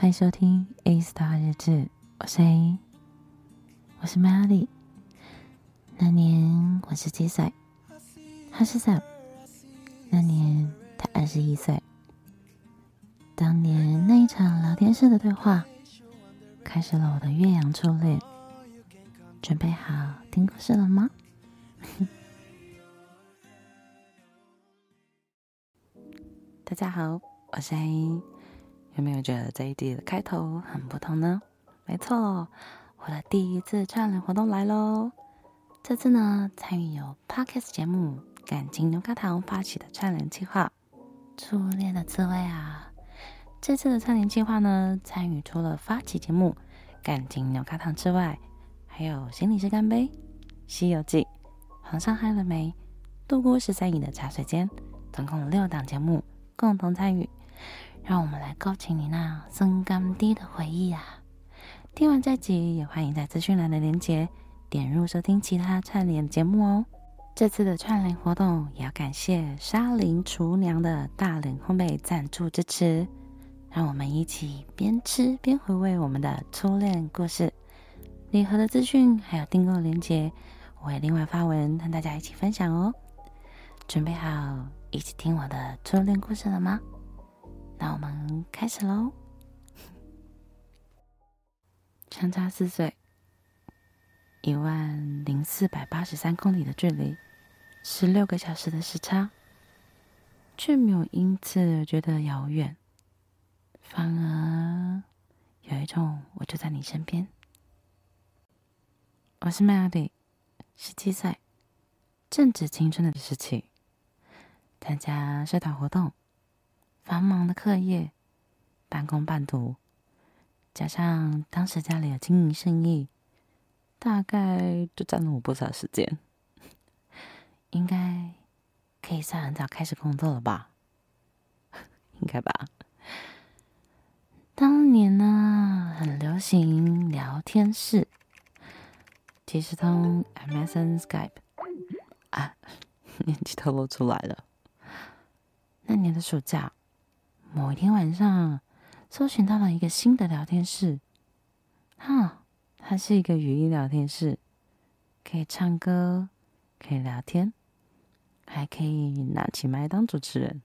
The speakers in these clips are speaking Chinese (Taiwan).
歡迎收聽 A《A Star 日誌》，我是 A，我是我是 Melody，那年我是十七歲，他是 Sam。那年他二十一歲。當年那一場聊天室的對話，開始了我的越洋初戀。準備好聽故事了嗎？ 大家好，我是 A。有沒有覺得這一季的開頭很不同呢？沒錯，我的第一次串聯活動來嘍！這次呢，參與由 Podcast 節目、感情牛軋糖發起的串聯計劃《初戀的滋味》啊。這次的串聯計劃呢，參與除了發起節目《感情牛軋糖》之外，還有心理師乾杯、《C 遊記》、《皇上嗨了沒》、《度菇十三咦的茶水間》，總共六檔節目共同參與。讓我們來勾起你那深根蒂的回憶啊！聽完這集，也歡迎在資訊欄的連結點入收聽其他串聯的節目哦。這次的串聯活動也要感謝莎琳廚娘的大臉烘焙贊助支持。讓我們一起邊吃邊回味我們的初戀故事。禮盒的資訊還有訂購連結，我也另外發文和大家一起分享哦。準備好一起聽我的初戀故事了嗎？那我們開始嘍。相差四歲，一萬零四百八十三公里的距離，十六個小時的時差，卻沒有因此覺得遙遠，反而有一種我就在你身邊。我是 Melody，十七歲，正值青春的時期，參加社團活動。繁忙的課業，半工半讀，加上當時家裡有經營生意，大概就占了我不少時間。應該可以算很早開始工作了吧？應該吧。當年呢，很流行聊天室，即時通、MSN、Skype，啊，年紀都露出來了。那年的暑假。某一天晚上，搜尋到了一個新的聊天室，哈，它是一個語音聊天室，可以唱歌，可以聊天，還可以拿起麥當主持人。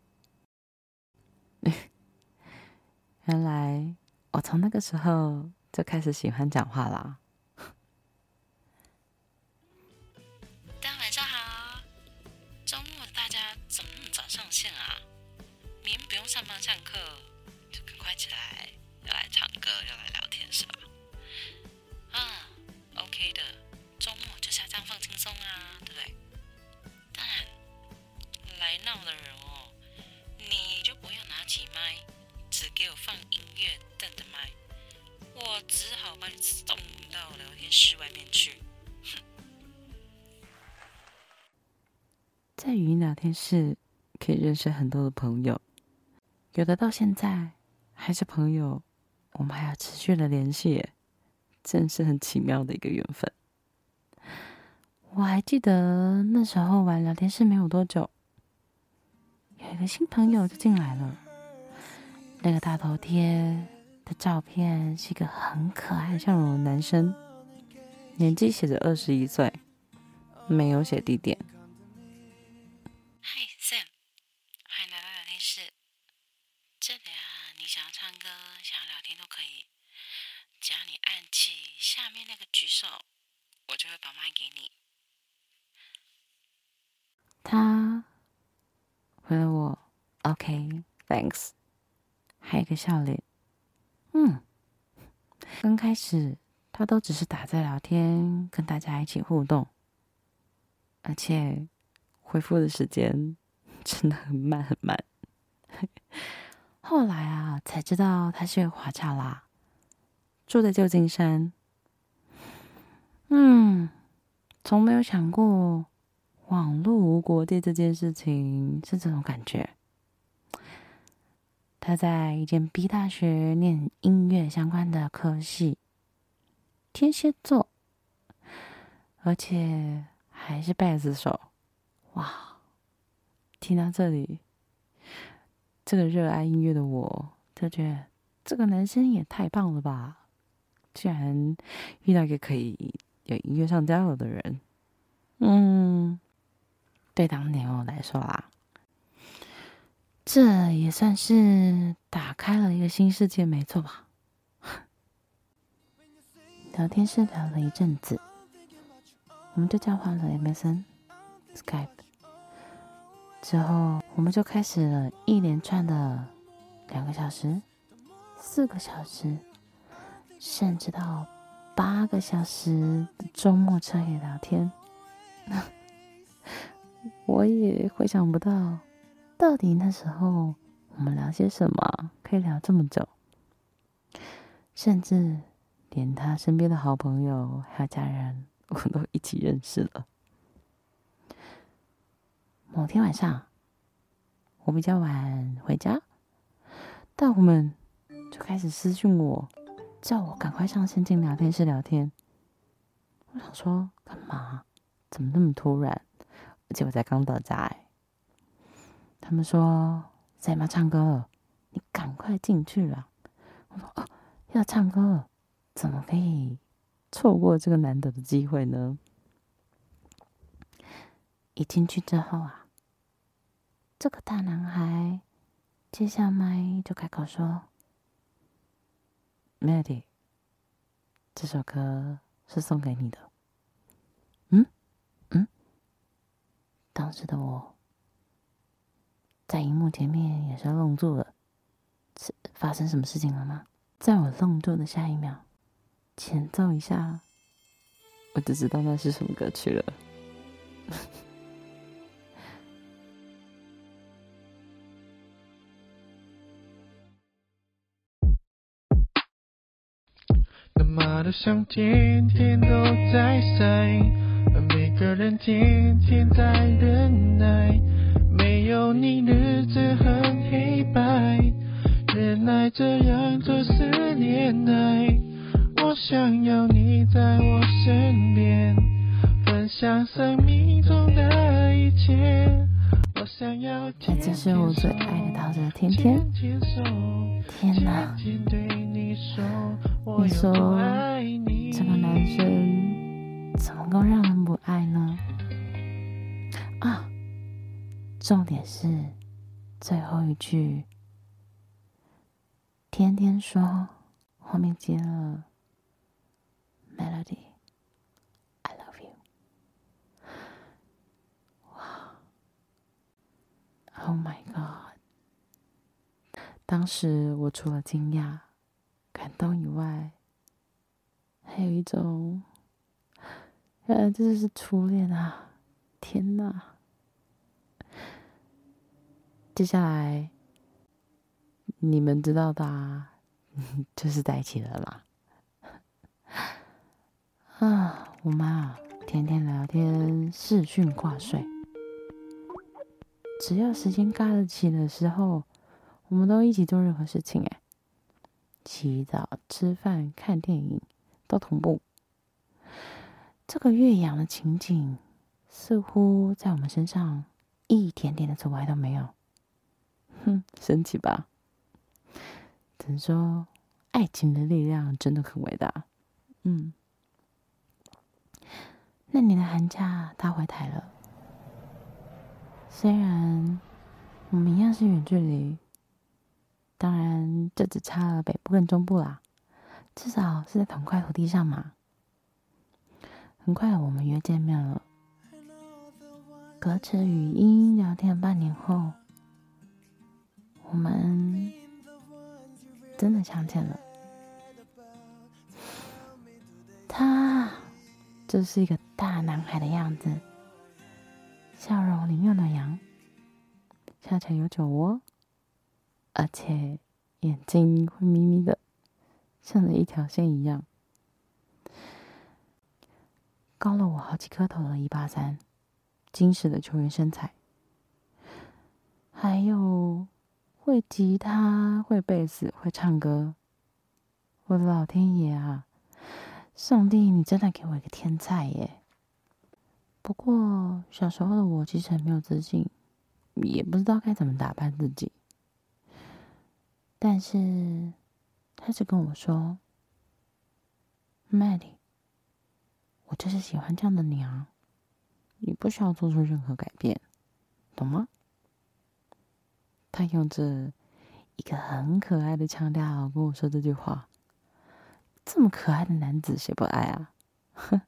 原來我從那個時候就開始喜歡講話了。只給我放音樂，等的麥，我只好把你送到聊天室外面去。在語音聊天室可以認識很多的朋友，有的到現在還是朋友，我們還要持續的聯繫，真是很奇妙的一個緣分。我還記得那時候玩聊天室沒有多久，有一個新朋友就進來了。那個大頭貼的照片是一個很可愛、笑容的男生，年紀寫着二十一歲，沒有寫地點。Hi Sam，歡迎來到聊天室。這裡啊，你想要唱歌、想要聊天都可以，只要你按起下面那個舉手，我就會把麥給你。他，回了我，OK，Thanks。Okay, 還有一個笑臉，嗯，剛開始他都只是打在聊天，跟大家一起互動，而且回復的時間真的很慢很慢。 後來啊，才知道他是華僑啦，住在舊金山。嗯，從沒有想過網絡無國界這件事情是這種感覺。他在一間 B 大學念音樂相關的科系，天蠍座，而且還是貝斯手，哇！聽到這裡，這個熱愛音樂的我，就覺得這個男生也太棒了吧！居然遇到一個可以有音樂上交流的人，嗯，對當年我來說啊。這也算是打開了一個新世界，沒錯吧？ 聊天室聊了一陣子，我們就交換了 MSN、Skype，之後我們就開始了一連串的兩個小時、四個小時，甚至到八個小時的週末徹夜聊天。 我也會想不到。到底那時候我們聊些什麼，可以聊這麼久？甚至連他身邊的好朋友還有家人，我們都一起認識了。某天晚上，我比較晚回家，但我們就開始私訊我，叫我趕快上線進聊天室聊天。我想說幹嘛？怎麼那麼突然？而且我才剛到家欸。他們說在嗎？唱歌，你趕快進去啊！我說，哦，要唱歌，怎麼可以錯過這個難得的機會呢？一進去之後啊，這個大男孩接下麥就開口說，Melody，這首歌是送給你的。嗯，嗯嗯，當時的我。在熒幕前面也是愣住了，是發生什麼事情了嗎？在我愣住的下一秒，前奏一下，我就知道那是什麼歌曲了。 重點是最後一句，天天說，後面接了 Melody，I love you，哇，Wow，Oh my God。當時我除了驚訝、感動以外，還有一種，原來這就是初戀啊，天吶！接下來，你們知道的、啊，就是在一起了啦！ 啊，我媽、啊、天天聊天、視訊掛水。只要時間嘎的起的時候，我們都一起做任何事情、欸。哎，洗澡、吃飯、看電影都同步。這個越洋的情景，似乎在我們身上一點點的阻礙都沒有。哼，神奇吧？只能說，愛情的力量真的很偉大。嗯，那你的寒假他回台了，雖然我們一樣是遠距離，當然這只差了北部跟中部啦，至少是在同塊土地上嘛。很快我們約見面了，隔着語音音聊天半年後。我們真的相見了。他就是一個大男孩的樣子，笑容裡面有暖陽，笑起來有酒窩，而且眼睛會眯眯的，像一條線一樣。高了我好幾顆頭的一八三，精實的球員身材，還有。會吉他，會貝斯，會唱歌。我的老天爺啊！上帝，你真的給我一個天才耶！不過小時候的我其實很沒有自信，也不知道該怎麼打扮自己。但是他就跟我說 Melody 我就是喜歡這樣的娘，你不需要做出任何改變，懂嗎？”他用着一個很可愛的腔調、啊、跟我說這句話：“這麼可愛的男子，誰不愛啊？”哼，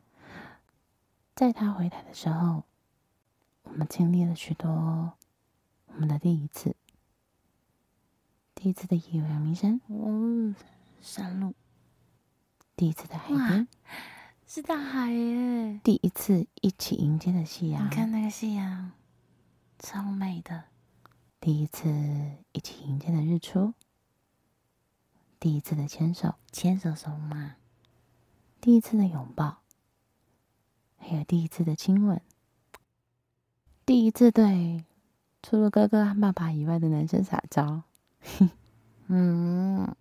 在他回來的時候，我們經歷了許多。我們的第一次，第一次的夜遊陽明山，嗯，山路。第一次的海邊，是大海耶。第一次一起迎接的夕陽，你看那個夕陽，超美的。第一次一起迎接的日出，第一次的牽手，牽手什麼嘛？第一次的擁抱，還有第一次的親吻，第一次對除了哥哥和爸爸以外的男生撒嬌，呵呵嗯，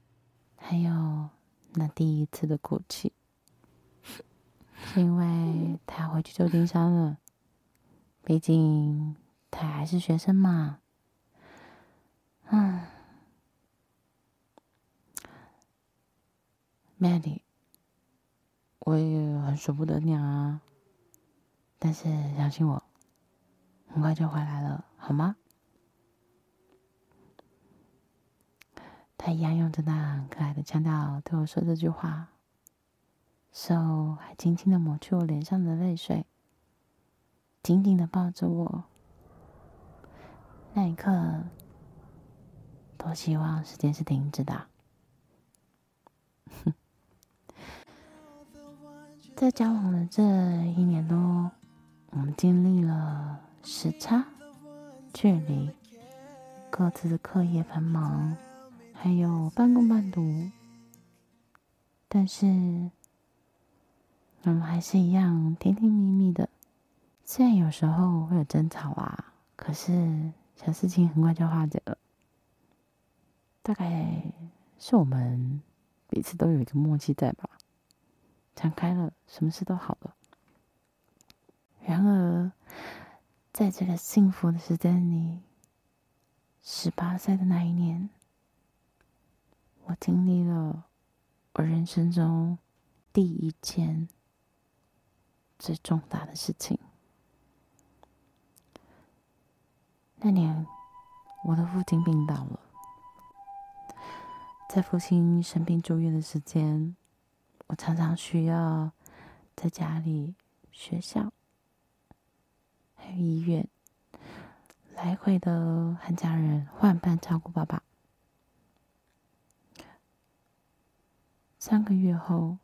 還有那第一次的哭泣， 是因為他要回去舊金山了，畢竟他還是學生嘛。嗯，Melody，我也很捨不得你啊，但是相信我，很快就回來了，好嗎？他一樣用着那很可愛的腔調對我說這句話，手還輕輕的抹去我臉上的淚水，緊緊的抱着我。那一刻。我希望時間是停止的啊。 在交往的這一年多，我們經歷了時差、距離、各自的課業繁忙，還有半工半讀。但是，我們還是一樣甜甜蜜蜜的。雖然有時候會有爭吵啊，可是小事情很快就化解了。大概是我們彼此都有一個默契在吧，講開了，什麼事都好了。然而，在這個幸福的時間裡，十八歲的那一年，我經歷了我人生中第一件最重大的事情。那年，我的父親病倒了。在父親生病住院的時間，我常常需要在家裡、學校還有醫院來回的和家人換班照顧爸爸。三個月後，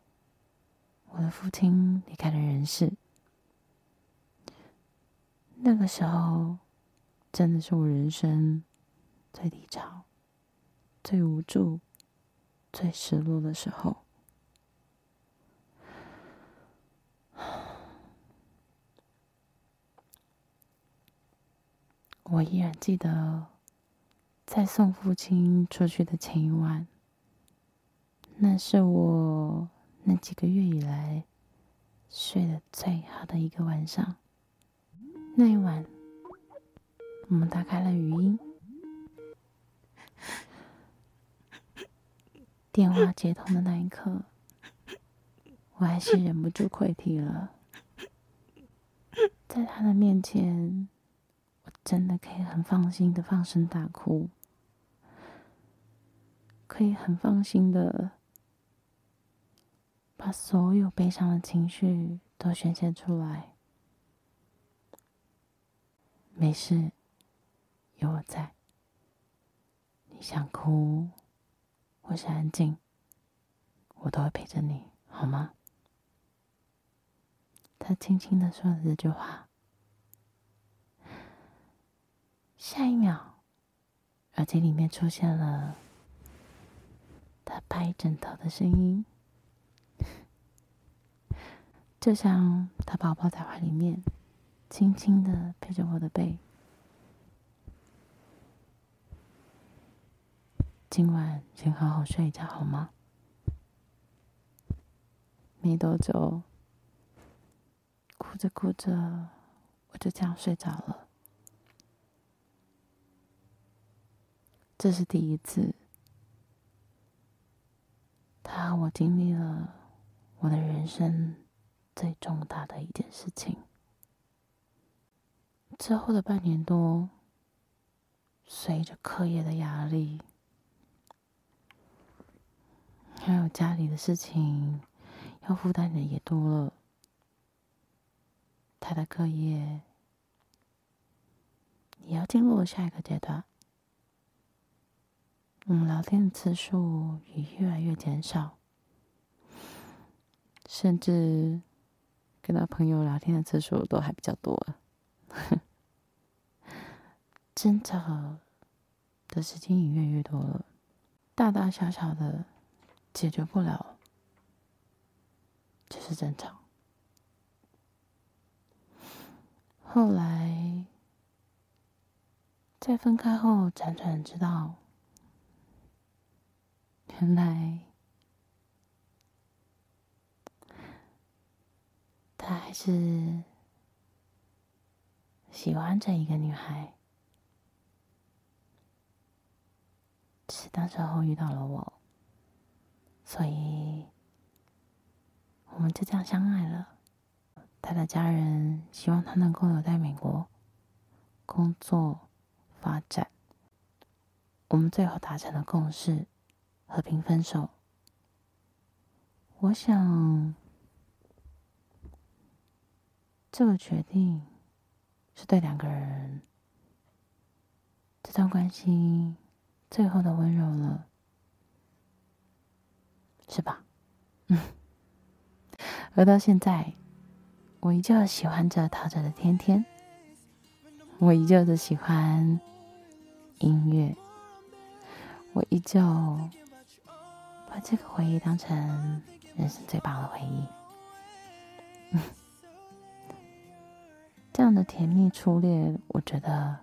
我的父親離開了人世。那個時候，真的是我人生最低潮，最無助，最失落的時候，我依然記得，在送父親出去的前一晚。那是我那幾個月以來睡得最好的一個晚上。那一晚，我們打開了語音。電話接通的那一刻，我還是忍不住潰堤了。在他的面前，我真的可以很放心的放聲大哭，可以很放心的把所有悲傷的情緒都宣洩出來。沒事，有我在，你想哭。我想安靜，我都會陪着你，好嗎？他輕輕的說了這句話，下一秒，耳機裡面出現了他拍枕頭的聲音，就像他把我抱在懷裡面，輕輕的拍着我的背。今晚請好好睡一覺，好嗎？沒多久，哭着哭着，我就這樣睡着了。這是第一次，他和我經歷了我的人生最重大的一件事情。之後的半年多，隨着課業的壓力。還有家裡的事情，要負擔的也多了。他的課業，也要進入了下一個階段。嗯，聊天的次數也越來越減少，甚至，跟他朋友聊天的次數都還比較多了，啊。爭 吵的時間也越來越多了，大大小小的。解決不了，這、就是正常。後來，在分開後輾轉知道，原來他還是喜歡着一個女孩，是到時候遇到了我。所以，我們就這樣相愛了。他的家人希望他能夠留在美國工作、發展。我們最後達成了共識，和平分手。我想，這個決定是對兩個人這段關係最後的溫柔了。是吧？嗯，而到現在，我依舊喜歡着陶喆的《天天》，我依舊的喜歡音樂，我依舊把這個回憶當成人生最棒的回憶。嗯。這樣的甜蜜初戀，我覺得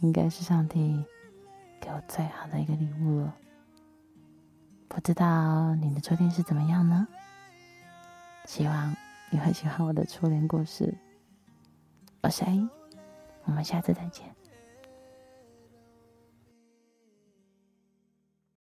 應該是上帝給我最好的一個禮物了。不知道你的初戀是怎麼樣呢？希望你會喜歡我的初戀故事。我是 A，我們下次再見。